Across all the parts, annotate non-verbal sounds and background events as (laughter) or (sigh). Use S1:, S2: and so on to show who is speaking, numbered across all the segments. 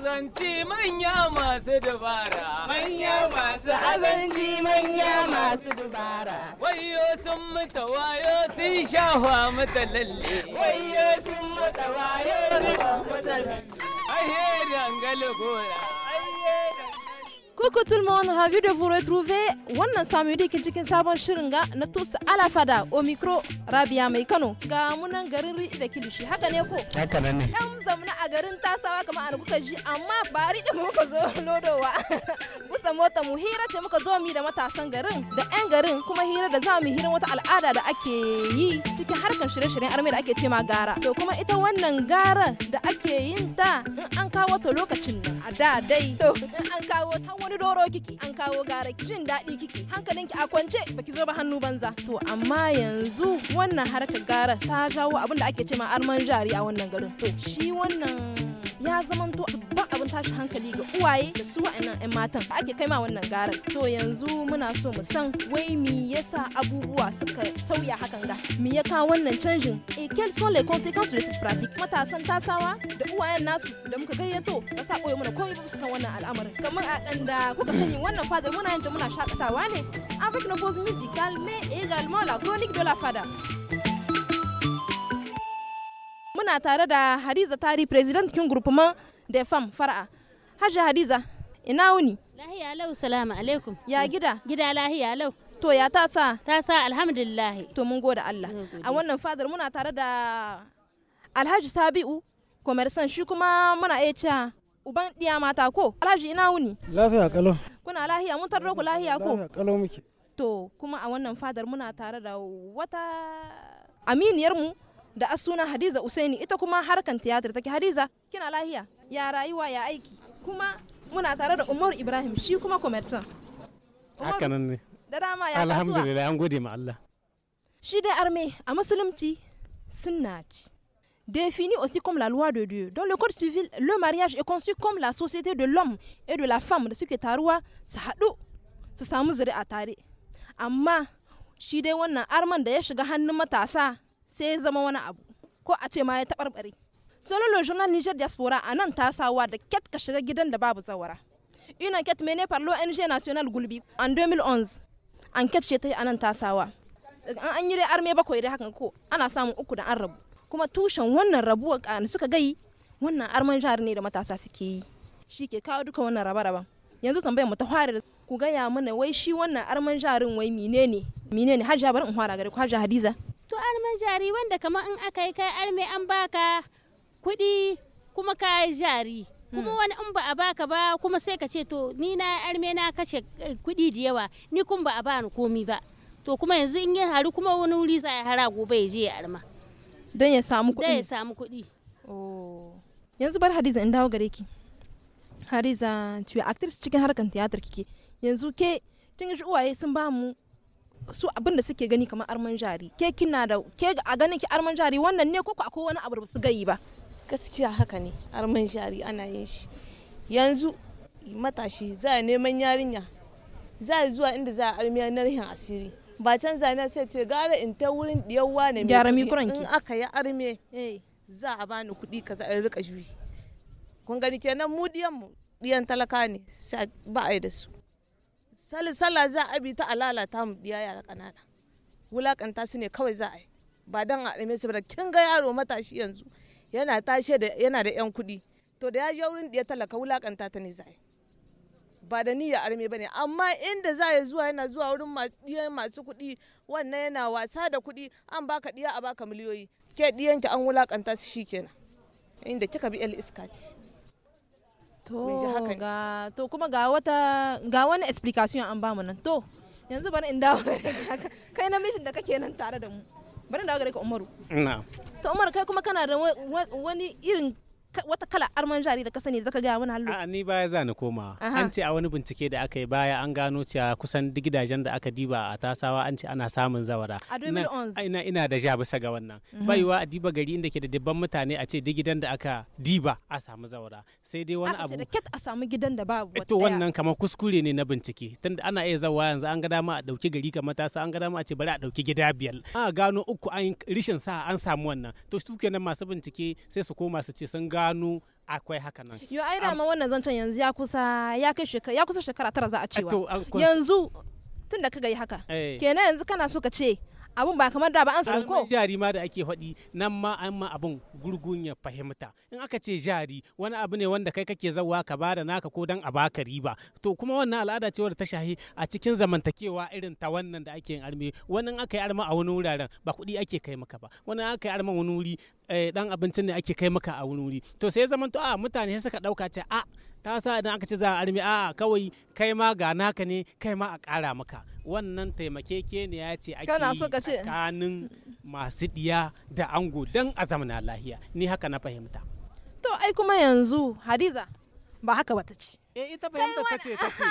S1: azanci manya masu dubara. Manya masu azanci manya masu dubara. Wayo sun mutu wayo sun shafa mata lalle. Wayo sun mutu wayo sun mata lalle. Ahe dangal gora.
S2: Coucou tout le monde, ravi de vous retrouver. Wannan samedi kin cikin sabon shirin ga na tous fada au micro Rabia Mai Kano. Ga munan garin ri da kilishi haka ne ko? Haka ne. Dan zamna a garin tasawa kamar an kuka ji amma bari da muka zo (laughs) lodowa. (laughs) Busa mota mu hira ce muka zo mi da matasan garin da ƴan garin kuma hira da zamu mu hira wata al'ada da ake yi cikin harkar shirye-shiryen armai da ake ce ma gara. To kuma ita wannan gara da ake yin ta in an kawo ta lokacin A da dai. To in an kawo ta wani doro kiki an kawo gara jin daɗi kiki hankalinki a kwance baki zo ba hannu banza to amma yanzu wannan harkar gara ta jawo abin da ake ce ma arman jari a wannan garin to shi wannan ya zamanto babban abin tashi hankali ga uwaye da su wa'annan 'yan matan ake kai ma wannan gara to yanzu muna so mu san wai me yasa abubuwa suka sauya hakan ga me ya kawo wannan canjin e quelles sont les conséquences de cette pratique matasan tasawa da uwayen nasu da muka gayyato ba sa koyo mana komai ba su kan wannan al'amarin kamar a kanda kuka sani wannan muna shakatawa ne avec nos pauses musicales mais également la chronique de la fada muna tare da Hadiza Tari president kin groupement des femmes fara'a hajji Hadiza ina wuni ya gida gida lahiya lau to ya ta sa ta sa alhamdulillah to mun gode Allah a wannan fadar muna tare da Alhaji Sabiu commerçant shi kuma muna iya cewa uban diya mata ko alhaji ina wuni
S1: lafiya kalau
S2: kuna lahiya mun tarro ku lahiya ko lafiya kalau muke to kuma a wannan fadar muna tare da wata aminiyar mu da asuna Hadiza Usaini ita kuma harkan tiyatar take Hadiza kina lahiya ya rayuwa ya aiki kuma muna tare da Umar Ibrahim shi kuma haka hakanan ne da dama ya alhamdulillah
S3: an gode ma Allah
S2: shi dai arme a musulunci sunna ci. défini aussi comme la loi de Dieu. Dans le code civil, le mariage est conçu comme la société de l'homme et de la femme. de Ce que tarwa, Sahadou, ce samu zuri atare. Amma shi dai wannan arman da ya shiga hannun matasa sai ya zama wani abu ko a ce ma ya tabarbare. Selon le journal Niger Diaspora, a nan tasawa da ket ka shiga gidan da babu Zawara. Une enquête menée par l'ONG nationale Goulbi en 2011. Enquête ce ta yi a nan tasawa. An yi dai arme hakan ko ana samu uku da an kuma tushen wannan rabuwar kanu suka gai wannan arman jihar ne da matasa suke yi shi ke kawo duka wannan raba raba yanzu tambayar mu ta fara ku gaya mana wai shi wannan arman jarin wai menene menene har jabar in fara gare ku har hadiza
S4: to arman jari wanda kamar in aka yi kai arme an baka kuɗi kuma ka jari kuma hmm. wani in ba a baka ba kuma sai ka ce to ni na arme na kashe eh, kuɗi da yawa ni kun ba a bani komi ba to kuma yanzu in ya haru kuma wani wuri za a hara gobe ya je ya arma don ya samu kuɗi don ya samu kuɗi oh. yanzu bar hadiza in dawo
S2: gare ki hadiza ce actress cikin harkar tiyatar kike yanzu ke tun shi uwaye sun ba mu su abin da suke gani kamar arman jari ke kina da ke
S5: a ganin ki arman jari wannan ne koko akwai wani abu da su gayi ba gaskiya haka ne arman jari ana yin shi yanzu matashi za a neman yarinya za a zuwa inda za a armiya na rihin asiri ba can na sai ce gara in ta wurin yawwa ne gyara mikuran in aka yi arme eh. za a bani kuɗi kaza in rika juyi kun gani kenan mu diyan mu diyan talaka ne ba a yi da su sala za a bi ta alalata mu diya yara kanana wulakanta su ne kawai za a yi ba dan a arme su ba kin ga yaro matashi yanzu yana tashe da yana da yan kuɗi to da ya je wurin diya talaka wulakanta ta ne za a yi ba da niyya arme ba ne amma inda za ya zuwa yana zuwa wurin masu kuɗi wannan yana wasa da kuɗi an baka diya a baka miliyoyi ke diyanki an wulakanta su shi kenan inda kika bi iska ce
S2: to ga to kuma ga wata ga wani explication an mu nan to yanzu bari in dawo (laughs) kai na mission da kake nan tare da mu bari in dawo gare ka Umaru na'am to Umaru kai kuma kana da wani irin wata kala arman jari da ka ne da ga gaya mana hallo.
S3: ni baya za ni koma. An ce a wani bincike da aka yi baya an gano cewa kusan duk gidajen da aka diba a tasawa an ce ana samun zawara. A 2011. Ina ina da ja bisa ga wannan. Mhm. Baiwa a diba gari inda ke da dubban mutane a ce duk gidan da aka diba a samu zawara.
S2: Sai dai wani abu. A ce da ket a samu gidan da babu. Eh,
S3: to wannan kamar kuskure ne na bincike. Tunda ana iya zawa yanzu an ga dama a dauki gari kamar tasa an ga dama a ce bari a dauki gida biyar. A gano uku an rishin sa an samu wannan. To su kenan masu bincike sai su koma su ce sun ga gano akwai haka nan.
S2: Yo ai rama wannan zancen yanzu ya kusa ya kai shekara ya kusa shekara tara za a cewa. Yanzu tun da kaga yi haka. Eh. Kenan yanzu kana so ka ce abun ba kamar da ba an samu ko.
S3: jari ma da ake faɗi nan ma an ma abun gurgun ya fahimta. In aka ce jari wani abu ne wanda kai kake zawa ka bada naka ko dan a baka riba. To kuma wannan al'ada ce ta shahi a cikin zamantakewa irin ta wannan da ake yin arme. Wani aka yi arma a wani wuraren ba kuɗi ake kai maka ba. Wani aka yi arma wani wuri Eh, dan abincin ne ake kai maka a wuri to sai zaman to a ah, mutane sai suka dauka ce a ah, ta sa idan aka ce za a armi a kawai kai ma ga naka ne kai ma a kara maka wannan taimakeke ne ya ce ake tsakanin masu diya da ango dan a zamana lahiya ni haka na fahimta
S2: to ai kuma yanzu hadiza ba haka ba ta ce eh ita fahimtar ta ce ta ce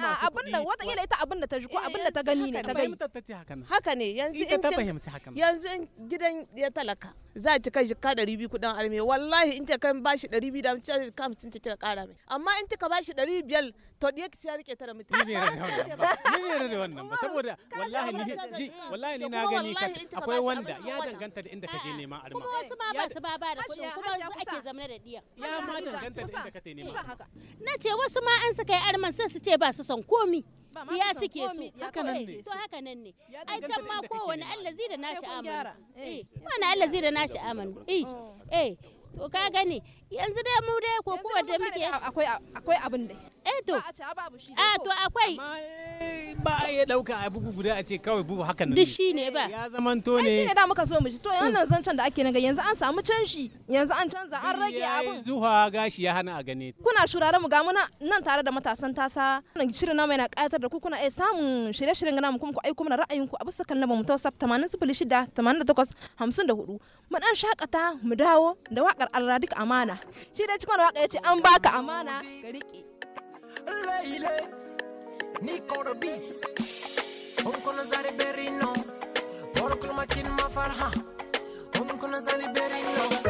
S2: (laughs) abin da wata kila ita
S5: abin da ta ji ko abin da ta eh, gani ne ta gani fahimta ta ce haka nan haka ne yanzu in ta fahimci haka yanzu in gidan ya talaka za ta kai jikka 200 kudin kuɗin arme wallahi in ta kai bashi ɗari biyu da mace ta jikka hamsin ta kira kara mai amma in ta ka bashi 500 to to ɗiyar ki rike ta da mutum ni ne
S3: (laughs) ne wannan ba saboda (laughs) wallahi ni ji wallahi ni na gani ka akwai wanda ya
S5: danganta
S4: da inda ka je neman arma kuma wasu ma ba su ba ba da kudin kuma yanzu ake zama da diya ya ma danganta da inda ka te neman na ce wasu ma an suka yi arman sai su ce ba su son komi ya suke su haka nan ne to haka nan ne ai can ma kowane allazi eh, eh. da nashi amanu eh wani allazi da nashi amanu eh eh to ka gane yanzu dai mu dai ko kuma da muke akwai akwai abin dai eh to a
S2: ta babu shi eh to akwai
S3: ba a yi dauka a bugu guda a ce kawai bugu haka ne duk
S2: ne ba ya zaman to ne shi ne da muka so mu shi to hmm. wannan zancan da ake naga yanzu an samu canshi yanzu an canza an rage abin
S3: zuwa gashi ya hana a gane
S2: kuna shurare mu ga muna nan tare da matasan tasa nan shirin namu yana kayatar da ku kuna eh samun shirye-shiryen ga namu kuma ku aiko mana ra'ayinku a bisa kan lamar mu ta 80 06 88 54 mu dan shakata mu dawo da wakar Allah duka amana amana shi da cikin waka ya ce an baka
S1: amana ga riƙe Nicolo Beat Om kono zari berino kin ma mafarha Om kono zari berino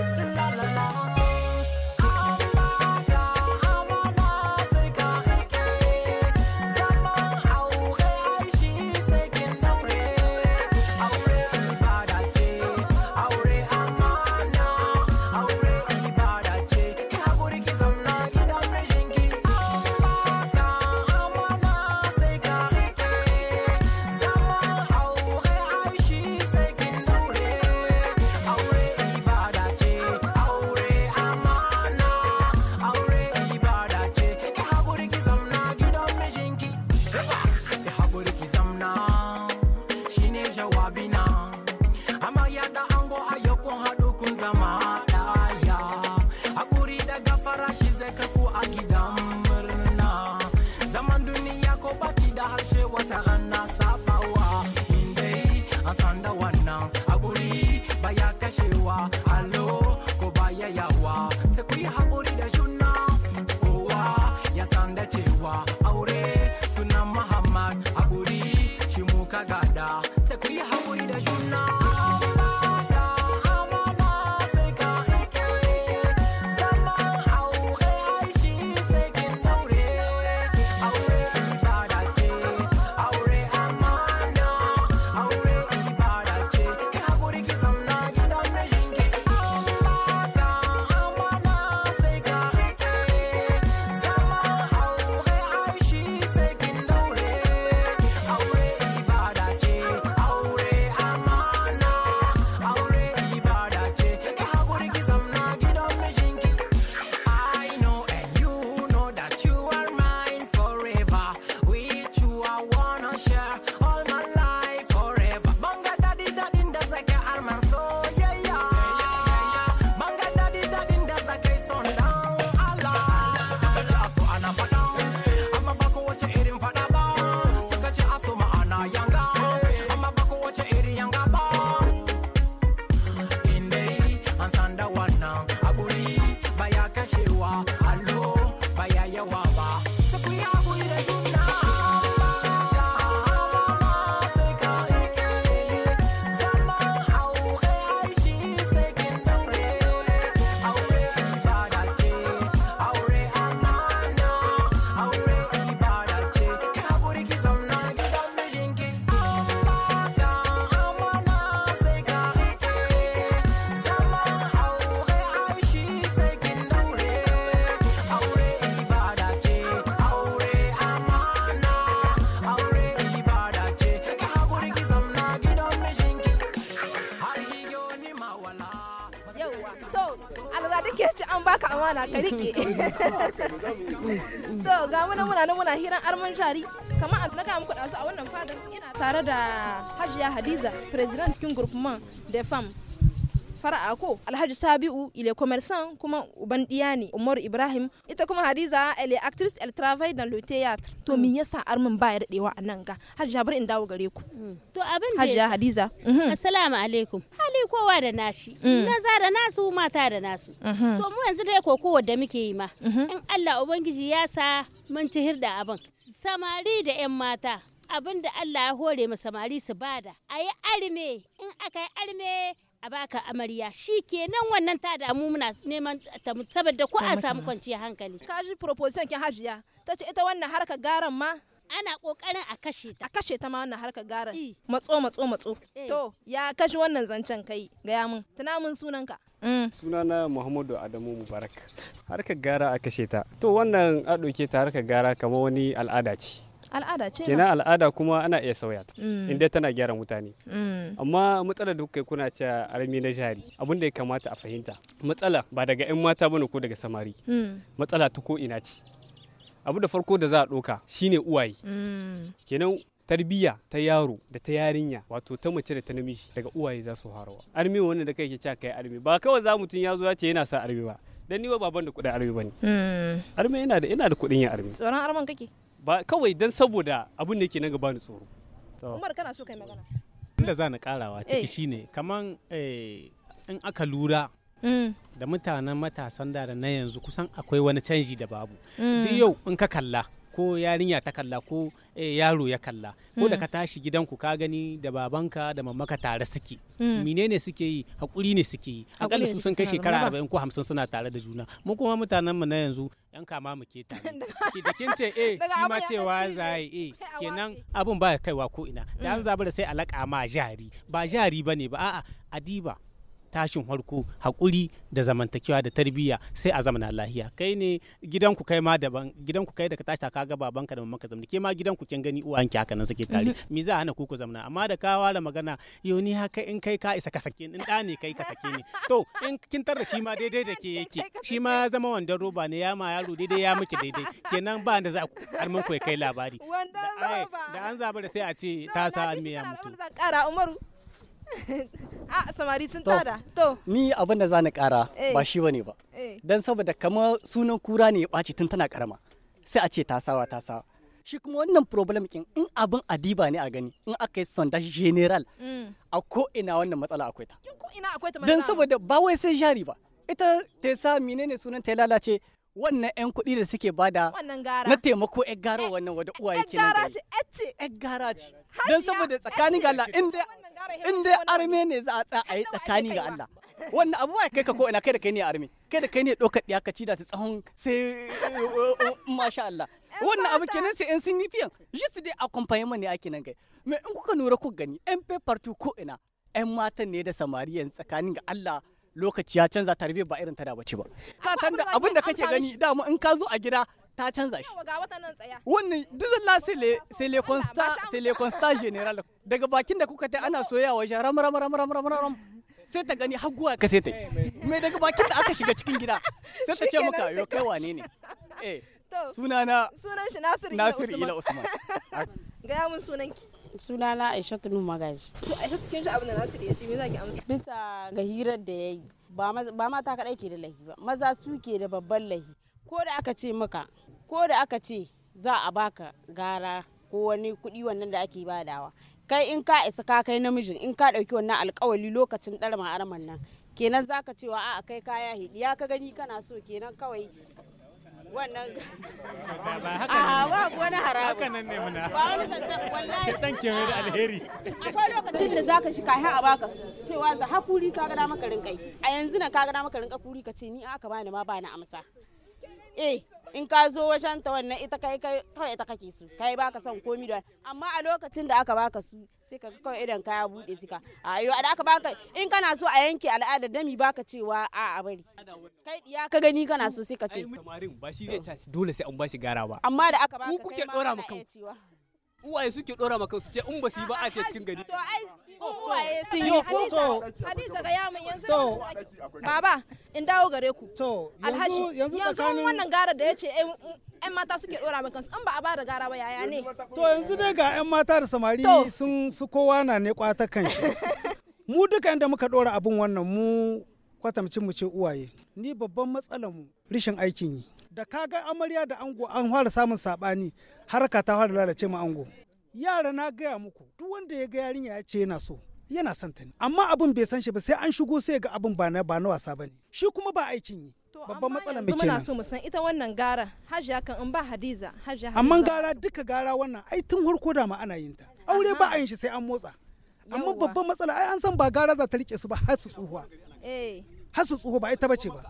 S2: ga muna muna nan muna hiran arman jari kamar na naka muku dasu a wannan fadar ina tare da hajiya hadiza president king man de femme fara'a ko alhaji sabiu ile commerçant kuma uban diya ne umar ibrahim ita kuma hadiza ele actrice el travail dans le théâtre to hmm. me yasa armin ba ya dadewa a nan ga hajja bari in dawo gare ku hmm. to abin da Hajiya hadiza
S4: mhm. assalamu alaikum hali kowa da nashi hmm. maza da nasu mata da nasu mhm. to mu yanzu dai kokowa da muke yi ma mhm. in Allah ubangiji ya sa mun ci hirda abin samari da yan mata abin da Allah ya hore ma samari su bada a yi arme in aka yi arme a baka amarya shi wannan ta damu muna neman ta saboda ko a samu kwanciyar hankali ka ji proposition kin hajiya ta ce ita wannan harka garan ma ana kokarin a kashe
S2: ta a kashe ta ma wannan harka garan eh. matso matso matso eh. to ya kashe wannan zancen kai gaya mun tuna mun sunanka
S6: mm. sunana muhammadu adamu mubarak harka gara a kashe ta to wannan a ɗauke ta harka gara kamar wani al'ada ce
S2: al'ada ce kenan
S6: al'ada kuma ana iya sauya ta mm. in dai tana gyara mutane mm. amma matsala da kuka kuna ta armi na jari abin da ya kamata a fahimta matsala ba daga 'yan mata bane ko daga samari mm. matsala ta ko ina ce abu da farko da za a ɗoka shine uwaye kenan tarbiyya ta yaro da ta yarinya wato ta mace da ta namiji daga uwaye za su harawa armi wanda da kai ke cewa kai armi ba kawai za mutum ya zo ya ce yana sa armi ba dan ni ba baban da kuɗin armi bane armi ina da da kuɗin ya armi
S2: tsoron arman kake
S6: ba kawai don saboda abin da ke na gaba ni tsoro umar
S2: kana so kai magana
S3: inda za na karawa ciki eh. shine kaman eh, in aka lura mm. da mutanen matasan da na yanzu kusan akwai wani canji da babu mm. duk yau in ka kalla ko yarinya ta kalla ko eh, yaro ya kalla ko hmm. da ka tashi gidanku ka gani da babanka da mamaka tare suke hmm. menene suke yi hakuri ne suke yi akalla su sun kai shekara 40 ko 50 suna tare da juna mu kuma mutanen mu na yanzu yan kama mu ke tare (laughs) da kin ce eh (laughs) shi ma cewa zai eh kenan abun ba kaiwa ko ina da an hmm. zabura sai alaka ma jari ba jari bane ba a'a adiba tashin farko hakuri da zamantakewa da tarbiyya sai a zamana lahiya kai ne gidanku kai ma daban gidanku kai da ka tashi ka ga babanka da mamanka zamani ke ma gidanku kin gani uwanki haka nan suke tare mm-hmm. me za a hana kuku ku zamana amma da ka ware magana yau ni haka in kai ka isa ka in da ne kai kasake ne to in kin tarda shi ma daidai da ke yake shi ma ya zama wandan roba ne ya ma yaro daidai ya miki daidai kenan ba da za ku armin ku kai labari da an zaba da sai a ce ta sa almiya mutu
S2: (laughs) ah, samari sun tara
S7: to ni abin da zani kara eh. ba shi bane ba eh. dan saboda kamar sunan kura ne ya ɓaci tun tana karama sai a ce tasawa tasawa shi kuma wannan problem kin in abin adiba ne a gani in aka yi sonda general mm. a ko ina wannan matsala akwai ta ko ina akwai ta dan saboda ba wai sai jari ba ita ta sa menene sunan ta lalace wannan 'yan kuɗi da suke bada na taimako 'yan gara eh, wannan wadda uwaye ke nan gari. ‘Yan gara ce. Don saboda tsakanin ga Allah inda arme ne za a tsaya a yi tsakani ga Allah. Wannan abubuwa ya kai ka ko'ina kai da kai ne arme. Kai da kai ne ɗaukar ɗaya ka ci da ta tsawon sai masha Allah. wannan abu kenan sai yan sun yi fiyan just dai accompaniment mani ake nan gai me in kuka nura ku gani yan paper ko'ina ina yan matan ne da samariyan tsakanin ga Allah lokaci ya canza tarbe ba irin ta da bace ba ka tanda abin da kake gani da mu in ka zo a gida ta canza shi wannan dizalla sai le consta sai le consta general daga bakin da kuka ta ana soyawa wajen ram ram ram ram ram ram sai ta gani haguwa ka sai ta mai daga bakin da aka shiga cikin gida sai ta ce maka yo kai wane ne
S4: eh
S2: sunana sunan shi Nasiru Ila Usman (laughs) gaya mun
S5: sunanki
S4: sunana aishatu nu magaji to
S5: aishatu kin ji abin da nasu da ya me zaki amsa bisa ga hirar da yayi ba ba mata kadai ke da lahi ba maza su ke da babban lahi ko da aka ce maka ko da aka ce za a baka gara ko wani kuɗi wannan da ake badawa kai in ka isa ka kai namijin in ka ɗauki wannan alkawali lokacin ɗarma arman nan kenan zaka cewa a'a kai kaya hidi ya ka gani kana so kenan kawai
S4: wannan a ba wani haka nan ne muna ba wani zance wallahi
S8: ke da alheri
S5: akwai lokacin da zaka shi kai a baka su cewa za hakuri ka ga maka rinkai a yanzu nan ka maka rinka kuri ka ce ni aka bani ma bani amsa eh in ka zo wajen ta wannan ita kai kai kawai ita kake su kai baka son komi da amma a lokacin da aka baka su sai ka kawai idan kaya bude sika a yo da aka baka in kana so a yanke al'ada dami baka cewa a a bari kai diya ka gani kana so sai ka ce
S6: tamarin ba shi zai tashi dole sai an bashi gara ba amma da aka baka ku kuke dora mu kan uwaye suke dora maka su ce in ba su yi ba a ce cikin gari to
S2: ai uwaye sun yi hadisa ga yamin yanzu baba in dawo gare ku to alhaji yanzu wannan gara da ya ce yan mata suke dora maka in ba a ba da gara ba yaya ne to yanzu dai ga yan mata
S3: da samari sun su kowa na ne kwata kan (laughs) mu duka inda muka dora abin wannan mu kwatamcin mu ce uwaye ni babban matsalar mu rishin aikin yi da kaga amarya da ango an fara samun sabani harka ta fara lalace ma ango yara na gaya muku duk wanda ya ga yarinya ya ce yana so yana son ta ne amma abin bai san shi ba sai an shigo sai ga abin ba na ba na wasa bane
S2: shi kuma ba aikin yi babban matsala mai kenan so musan. ita wannan gara hajiya kan in ba hadiza hajiya amma gara
S3: duka gara wannan ai tun harko da ma ana yin ta aure ba a yin shi sai an motsa amma babban matsala ai an san ba gara za ta rike su ba har su tsuhuwa eh har su tsuhu ba ita bace ba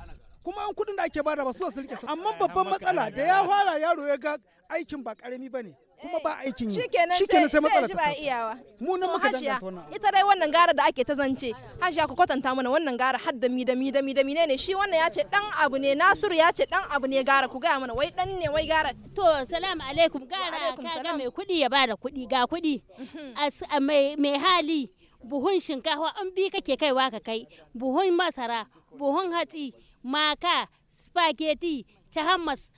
S3: kuma an kudin da ake bada ba su su rike su amma babban matsala da ya
S2: fara yaro ya ga aikin ba karami bane kuma ba aikin yi shikenan sai matsala ta iyawa mu nan muka danganta wannan ita dai wannan gara da ake ta zance hajiya ku kwatanta mana wannan gara har da mi da mi da mi da mi ne shi wannan ya ce dan abu ne nasiru ya ce dan abu ne gara ku
S4: gaya mana wai dan ne wai gara to salamu alaikum gara ka ga mai kudi ya bada kudi ga kudi mhm. mai hali buhun shinkafa an bi kake kaiwa ka kai buhun masara buhun hatsi maka spaghetti tahammas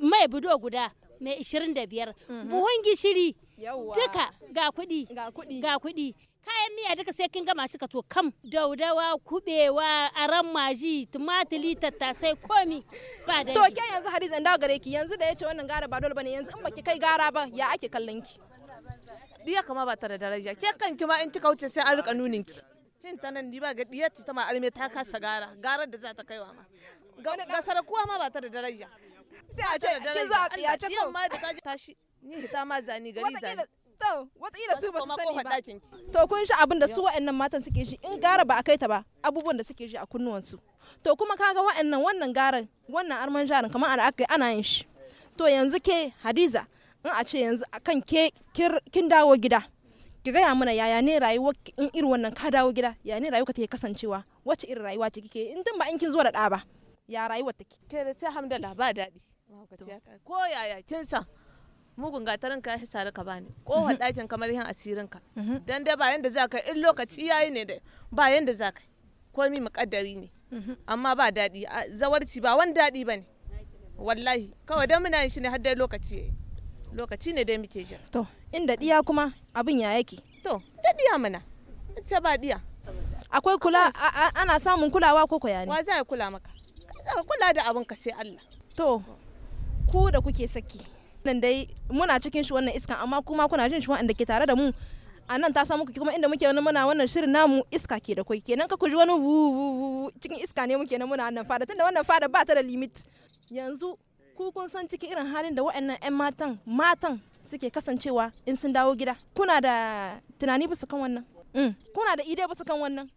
S4: mai budo guda mai 25 mhm. buhun gishiri
S2: duka
S4: ga kuɗi ga kuɗi kayan miya duka sai kin gama shi ka to kam daudawa kubewa aran maji tumatili tattasai komi ba da to ke yanzu
S2: hari zan dawo gare ki yanzu da yace wannan gara ba dole bane yanzu in baki kai gara ba ya ake kallon ki
S5: diya kama ba ta da daraja ke kan ki ma in kika wuce sai an rika nunin ki hin ta nan ni ba ga diyar ta ma alme ta kasa gara garar da za ta kaiwa ma ga sarakuwa ma ba ta da daraja sai a ce kin za a tsiya ce yamma da tashi tashi ni ta ma zani gari zani to wataƙila su ba su sani
S2: ba to kun shi abin da su wa'annan matan suke shi in gara ba a kai ta ba abubuwan da suke shi a kunnuwansu to kuma kaga wa'annan wannan garan wannan arman jarin kamar ana akai ana yin shi to yanzu ke hadiza in a ce yanzu akan ke kin dawo gida ki gaya mana yaya ne rayuwa in irin wannan ka dawo gida yaya ne rayuwa ta ke kasancewa wacce irin rayuwa ce kike in din ba in kin zo da ɗa ba
S5: ya rayuwar take ke da sai hamdala ba daɗi ko yaya kin san mugun gatarin ka sare ka bani ko mhm. ɗakin kamar yin asirin ka mhm. dan dai ba yanda za ka in lokaci yayi ne da ba yanda za ka komi muƙaddari ne mhm. amma ba daɗi zawarci ba wani daɗi bane wallahi kawai dan muna yin shi ne har dai lokaci yayi lokaci ne dai muke jira to inda
S2: ɗiya kuma abin ya yake to da diya mana ta ba diya akwai kula ana samun kulawa ko koya ne wa za ya kula maka tsaka kula da abin ka sai Allah to ku da kuke saki nan dai muna cikin shi wannan iska amma kuma kuna jin shi wanda ke tare da mu a nan ta samu kuke kuma inda muke wani muna wannan shirin namu iska ke da kai kenan ka ku ji wani wu cikin iska ne muke na muna nan fada tunda wannan fada ba ta da limit yanzu ku kun san ciki irin halin da waɗannan 'yan matan matan suke kasancewa in sun dawo gida kuna da tunani bisa kan wannan mm, kuna da ide bisa kan wannan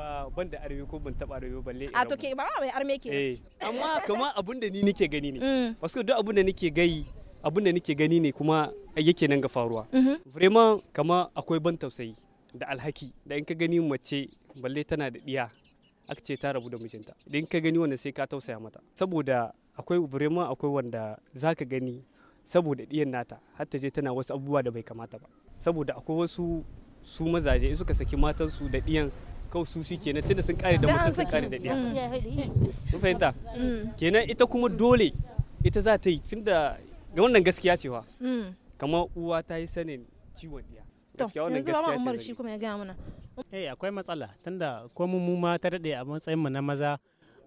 S6: ba ban da arewa ko ban taba arewa balle a to ke ba mai arme ke eh, amma (laughs) kuma abun da ni nake gani ne wasu mm. duk abun da nake gai abun da nake gani ne kuma yake nan ga faruwa mhm. vraiment kama akwai ban tausayi da alhaki da in ka gani mace balle tana da ɗiya aka ce ta rabu da mijinta idan ka gani wanda sai ka tausaya mata saboda akwai vraiment akwai wanda zaka gani saboda ɗiyan nata har ta je tana wasu abubuwa da bai kamata ba saboda akwai wasu su mazaje suka saki matansu da diyan kawai su shi kenan tunda sun kare da mutum sun kare da ɗaya mun mm. fahimta mm. kenan ita kuma dole ita za ta yi tunda ga wannan gaskiya cewa mm. kamar uwa ta yi sanin ciwon ɗaya gaskiya wannan gaskiya
S2: ce kuma ya gaya mana
S3: eh akwai matsala tunda ko mu ma ta daɗe a matsayin mu na maza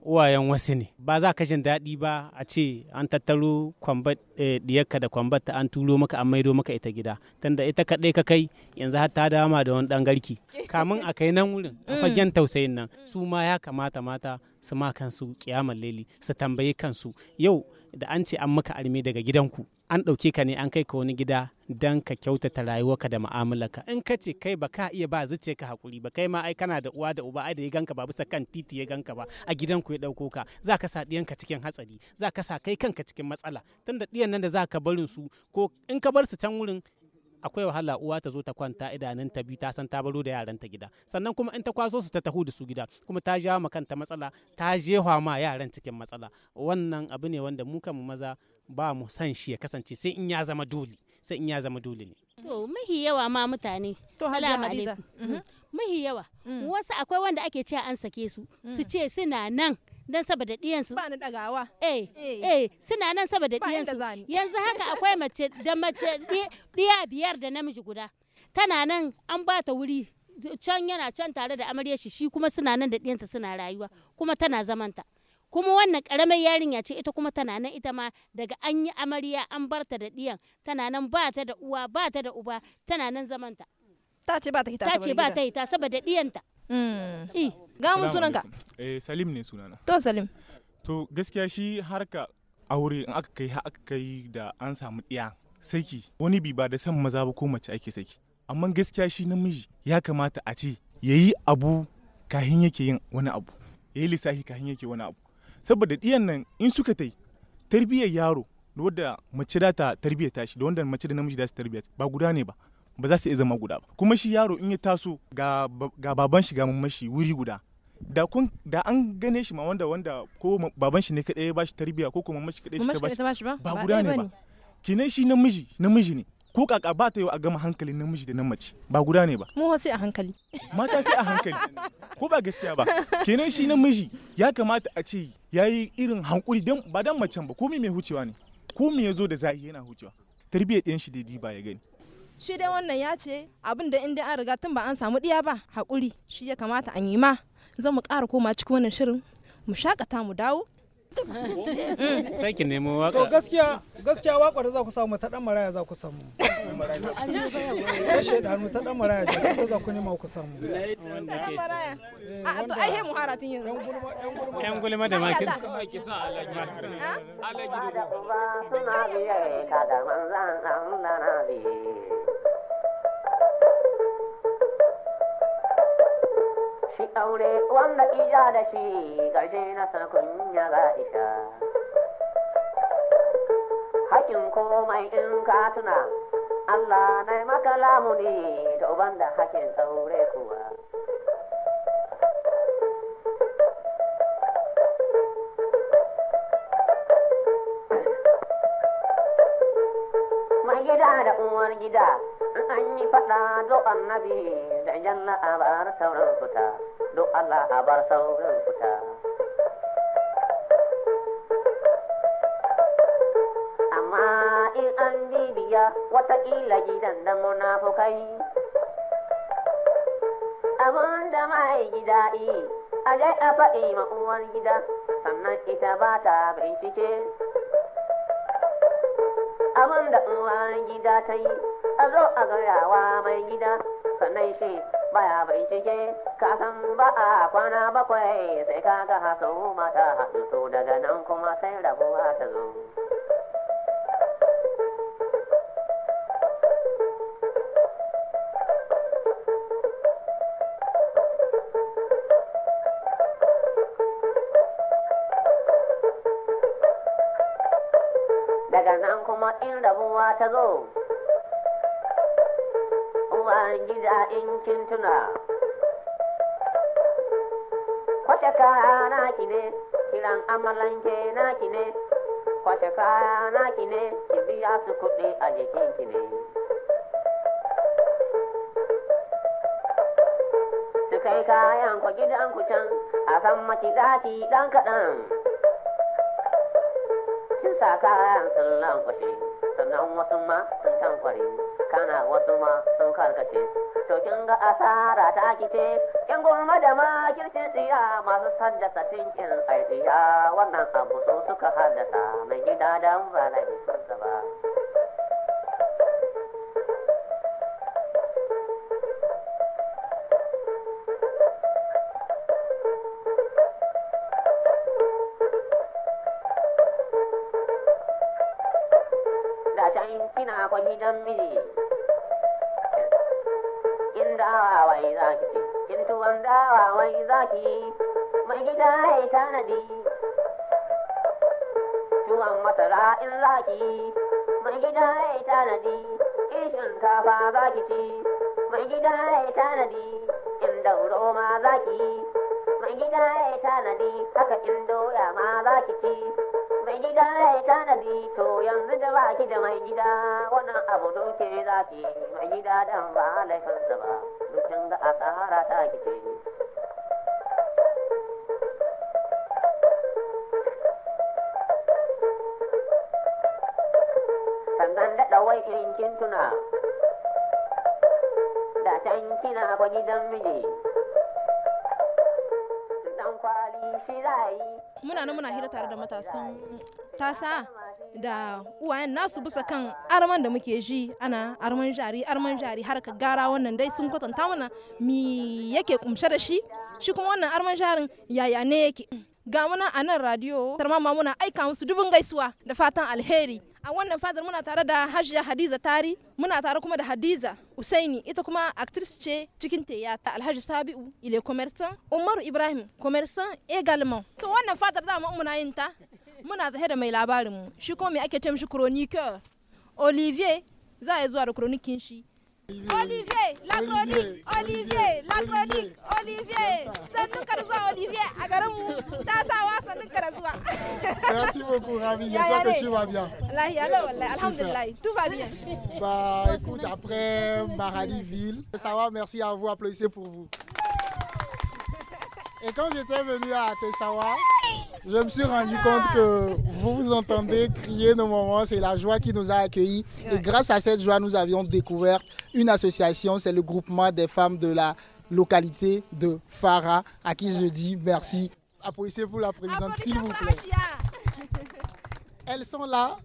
S3: uwayen wasu ne ba za ka jin daɗi ba a ce an tattaro kwambat diyarka eh, da kwambat an turo maka an maido maka ita gida tunda ita kaɗai ka kai yanzu har ta dama da wani ɗan garki kamun a kai nan wurin a fagen tausayin nan su ma ya kamata mata su ma kansu kiyamar leli su tambayi kansu yau da an ce an maka almi daga gidanku an ɗauke ka ne an kai ka wani gida don ka kyautata rayuwarka da ka in ka ce kai ba ka iya ba zuce ka hakuri ba kai ma ai kana da uwa da uba ai da ya ganka ba bisa kan titi ya ganka ba a gidan ku ya ɗauko ka za ka sa ka cikin hatsari za ka sa kai kanka cikin matsala tunda diyan nan da za ka barin su ko in ka bar su can wurin akwai wahala uwa ta zo ta kwanta idanun ta bi ta san ta baro da yaran ta gida sannan kuma in ta kwaso su ta taho da su gida kuma ta jawo ma kanta matsala ta jefa ma yaran cikin matsala wannan abu ne wanda mu kan maza ba mu san shi ya kasance sai in ya zama dole sai in ya zama dole ne
S4: to mahi yawa ma mutane to hadiza mm. mhm. mahi yawa mm. wasu akwai wanda ake cewa an sake su mm. su ce suna nan don saboda ɗiyansu. Ba ni dagawa eh, eh, eh, suna nan saboda ɗiyansu. Yanzu haka akwai mace da mace diya biyar da namiji guda. Tana nan an ba ta wuri can yana can tare da amaryar shi shi kuma suna nan da ɗiyanta suna rayuwa kuma tana zamanta. kuma wannan karamar yarinya ce ita kuma tana nan ita ma daga an yi amarya an barta da diyan tana nan ba ta da uwa ba ta da uba tana nan zamanta ta ce ba ta hita ta ce ba ta hita saboda diyanta mm. eh. ga
S2: mun sunanka
S8: eh salim ne sunana to salim to gaskiya shi harka aure in aka kai aka kai da an samu diya saki wani bi ba da san maza ba ko mace ake saki amma gaskiya shi namiji ya kamata a ce yayi abu kahin yake yin wani abu yayi lissafi kahin yake wani abu saboda ɗiyan nan in suka tai tarbiyyar yaro da wadda mace da ta tarbiyyar shi da wanda mace da namiji da su tarbiyyar ba guda ne ba ba za su iya zama guda ba kuma shi yaro in ya taso ga baban shi ga mamashi wuri guda da kun da an gane shi ma wanda wanda ko baban shi ne kadai ya bashi tarbiyya ko kuma mamashi kadai shi ta bashi ba guda ne ba kinan shi namiji namiji ne ko kaka ba ta yau a gama hankalin namiji da na mace ba guda ne ba
S2: mu sai a hankali
S8: mata sai a hankali ko ba
S7: gaskiya ba kenan shi namiji
S8: ya kamata a ce yayi irin hankuri dan ba dan macen ba komai mai hucewa ne ko me zo da zahi yana hucewa tarbiyyar ɗin shi da ba ya gani
S2: shi dai wannan ya ce abin da inda an riga tun ba an samu ɗiya ba haƙuri shi ya kamata an yi ma zan mu ƙara koma cikin wannan shirin mu shakata mu dawo
S1: sai ki nemo waka to
S2: gaskiya gaskiya da za ku samu ta dan maraya za ku samu
S1: ta
S2: shedanu ta dan maraya za ku za ku nemo ku samu eh, a to ai he mu muharatin yanzu yan gulma da makin
S9: ki sa alaji alaji da ba suna biyar ka da manzan Allah na biyar shi aure wanda iya da shi garje na sakun ya ga isha hakin komai in ka tuna Allah na maka lamuni da uban da hakin aure kuwa mai gida da uwar gida an yi faɗa do annabi da janna a bar sauran fita do Allah a bar sauran fita amma in an bibiya watakila gidan da munafukai Abun da mai gida yi a jai a faɗi ma uwar gida sannan ita ba ta bincike Abun da uwar gida ta yi a zo a gayawa mai gida sannan shi baya cike ka san ba a kwana bakwai sai ka ga haso mata haɗu so daga nan kuma sai rabuwa ta zo daga nan kuma in rabuwa ta zo Uban gida in kin tuna. Kwace kaya na ki ne, kiran amalanke na ki ne, kwashe kaya na ki ne, ki biya su kuɗi a jikin ki ne. Su kai kayan ku gidan ku can, a san maki dati ɗan kaɗan. Kin sa kayan sun lankwashe, sannan wasu ma sun tankware. kana wasu ma sun karkace to kin ga asara ta kice kin gulma da ma kirkin tsiya masu sanda satin kin aidiya wannan abu su suka haddasa mai gida dan arziki mai tanadi tuwon masara in zaki mai ya tanadi in shinkafa za ki ci mai ya tanadi in dauro ma za ki ya tanadi haka in doya ma za ki ci mai gida ya tanadi to yanzu da ba ki da mai gida wannan abu doke zaki ki mai gida dan ba laifin ba dukkan ga asara ta ki wai kin tuna da can kina ba gidan miji
S2: muna nan muna hira tare da matasan tasa da uwayen nasu bisa kan arman da muke ji ana arman jari arman jari har ka gara wannan dai sun kwatanta mana mi yake kumshe da shi shi kuma wannan arman jarin yaya ne yake ga muna a nan radio tarma muna aika musu dubin gaisuwa da fatan alheri a wannan fadar muna tare da hajiya hadiza tari muna tare kuma da hadiza usaini ita kuma actress ce cikin teyata alhaji sabiu ile komersan umaru ibrahim commerçant également to wannan fadar da na yin ta muna zahe da mai labarin mu shi kuma mai ake ce mishi chroniqueur olivier za yi zuwa da kronikin shi Olivier, la chronique, Olivier, la chronique, Olivier, nous Karazwa, Olivier, à Agaramou, Tassawa, Sanou Karazwa. Merci
S10: beaucoup, Ravi, j'espère que tu vas bien. Là, alhamdulillah, tout va bien. Bah écoute, après Maraliville, ville Tessawa, merci à vous, applaudissez pour vous. Et quand j'étais venu à Tessawa, je me suis rendu compte que vous vous entendez crier nos moments, c'est la joie qui nous a accueillis. Et grâce à cette joie, nous avions découvert une association, c'est le groupement des femmes de la localité de Farah, à qui je dis merci. Appuyez pour la présidente, s'il vous plaît. Elles sont là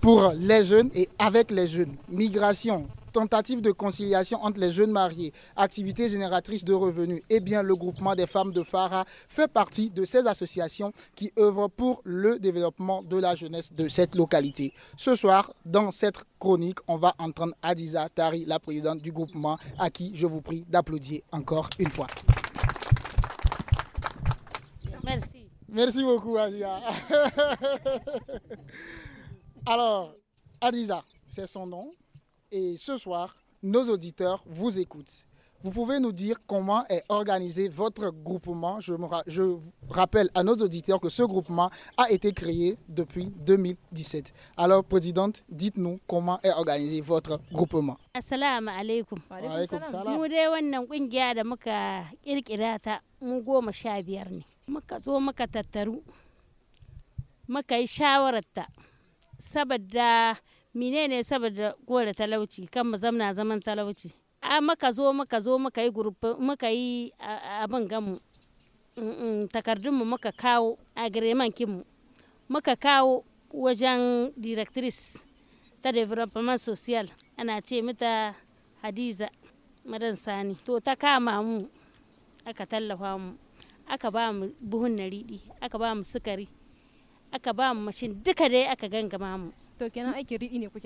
S10: pour les jeunes et avec les jeunes. Migration, tentative de conciliation entre les jeunes mariés, activité génératrice de revenus, et bien le groupement des femmes de Farah fait partie de ces associations qui œuvrent pour le développement de la jeunesse de cette localité. Ce soir, dans cette chronique, on va entendre Adiza Tari, la présidente du groupement, à qui je vous prie d'applaudir encore une fois. Merci. Merci beaucoup, Adiza. (laughs) Alors, Adiza, c'est son nom. Et ce soir, nos auditeurs vous écoutent. Vous pouvez nous dire comment est organisé votre groupement. Je, rappelle à nos auditeurs que ce groupement a été créé depuis 2017. Alors, Présidente, dites-nous comment est organisé votre groupement.
S4: Assalamu alaikum. mine ne saboda kore talauci kan mu zamna zaman talauci a maka zo maka zo muka yi maka yi abin gamu takardunmu maka kawo agreement mu maka kawo wajen directrice ta development social ana ce mita hadiza madan sani to ta kama mu aka tallafa mu aka ba mu buhun na riɗi aka ba mu sukari aka ba mu mashin duka dai aka gangama mu Elles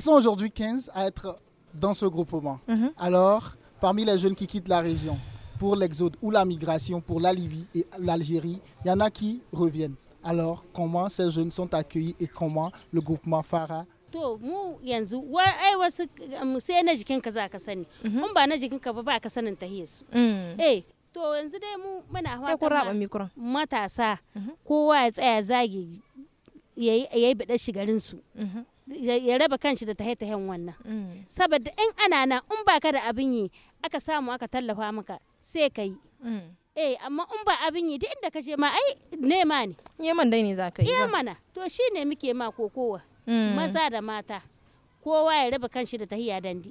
S10: sont aujourd'hui 15 à être dans ce groupement. Mhm. Alors, parmi les jeunes qui quittent la région pour l'exode ou la migration pour la Libye et l'Algérie, il y en a qui reviennent. Alors, comment ces jeunes sont accueillis et comment le groupement Farah
S4: to mu to yanzu dai mu muna fata matasa mhm. kowa ya tsaya zagi yi biɗa shigarin su mhm. ya raba kanshi da tahe-tahen wannan mm. saboda in ana na in baka da abin yi aka samu aka tallafa maka sai ka yi mm. eh amma in ba abin yi duk inda ka je ma ai nema ne yaman dai ne za ka yi ba eh, mana to shine muke ma kokowa mm. maza da mata kowa ya raba kanshi da tahiya dandi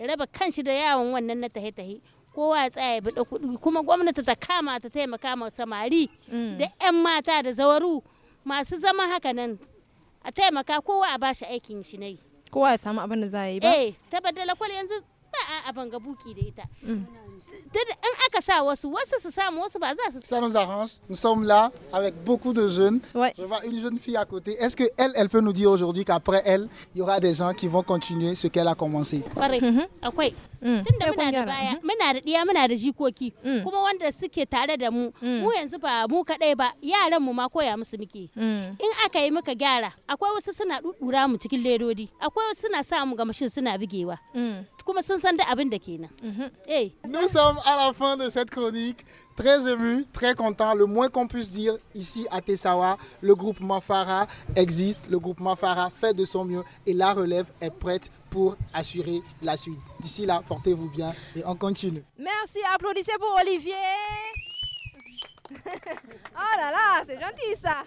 S4: ya raba kanshi da yawon wannan na tahe-tahe kowa tsaya ya bi kuɗi kuma gwamnati ta kama ta taimaka ma samari mm. da 'yan mata da zawaru masu zama haka nan a taimaka kowa a bashi aikin shi ne kowa ya samu abin da za yi ba eh ta badala kwal yanzu ba a abin ga buki da ita mm. in aka sa wasu wasu su samu wasu ba za su ça nous arrange nous
S10: sommes là avec beaucoup de jeunes je vois une jeune fille à côté est-ce que elle elle peut nous dire aujourd'hui qu'après elle il y aura des gens qui vont continuer ce qu'elle a commencé
S4: mm-hmm. akwai Mm. tunda muna da baya mm-hmm. muna da diya muna da jikoki mm. kuma wanda suke tare da mu mm. mu yanzu ba mu kadai ba yaran mu ma koya musu muke in aka yi muka gyara akwai wasu suna dudura mu cikin ledodi akwai wasu suna sa mu ga mashin suna bigewa kuma sun san da abin da kenan mm-hmm.
S10: eh nous sommes à la fin de cette chronique très ému, très content. Le moins qu'on puisse dire ici à Tessawa, le groupe Mafara existe, le groupe Mafara fait de son mieux et la relève est prête pour assurer la suite. D'ici là, portez-vous bien et on continue.
S2: Merci, applaudissez pour Olivier. (laughs) oh là là, c'est gentil ça.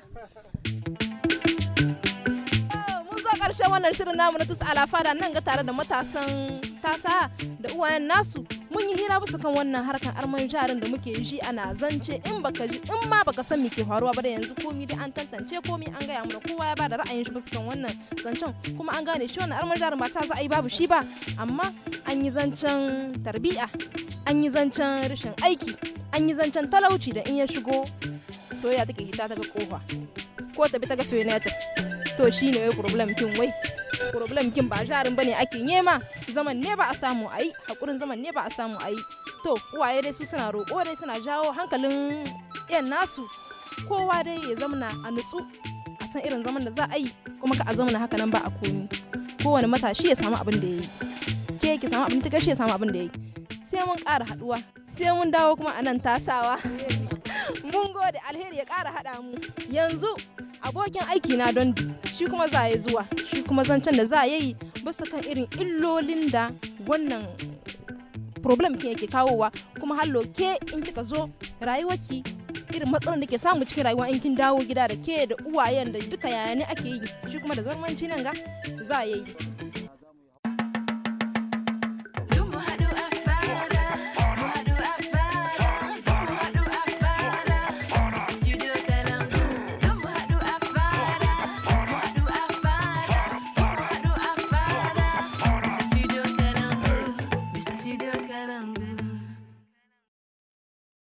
S2: ƙarshen wannan shirin namu na tusa alafada nan ga tare da matasan tasa da uwayen nasu mun yi hira bisa kan wannan harkar arman jarin da muke ji ana zance in baka ji in ma baka san me ke faruwa ba da yanzu komi dai an tantance komi an gaya mana kowa ya ba da ra'ayin shi bisa kan wannan zancen kuma an gane shi wannan arman jarin ba ta za a yi babu shi ba amma an yi zancen tarbiya an yi zancen rashin aiki an yi zancen talauci da in ya shigo soyayya take hita ta ga kofa ko ta bi ta ga fenetir to shine wai problem kin wai problem kin ba jarin bane ake nema zaman ne ba a samu ayi hakurin zaman ne ba a samu ayi to uwaye dai su suna roƙo dai suna jawo hankalin yan nasu kowa dai ya zamana a nutsu a san irin zaman da za a yi kuma ka a zamana haka nan ba a komi kowane matashi ya samu abin da ya yi ke ki samu abin ta ya samu abin da ya yi sai mun ƙara haɗuwa sai mun dawo kuma a nan tasawa (laughs) mun gode alheri ya ƙara haɗa mu yanzu abokin aiki na don shi kuma za yi zuwa shi kuma zancen da za yi basu kan irin illolin da wannan problem ke yake kawowa kuma hallo ke in kika zo rayuwarki irin matsalar da ke samu cikin rayuwa in kin dawo gida da ke da uwayen da duka yayane ake yi shi kuma da zamanci nan ga za yi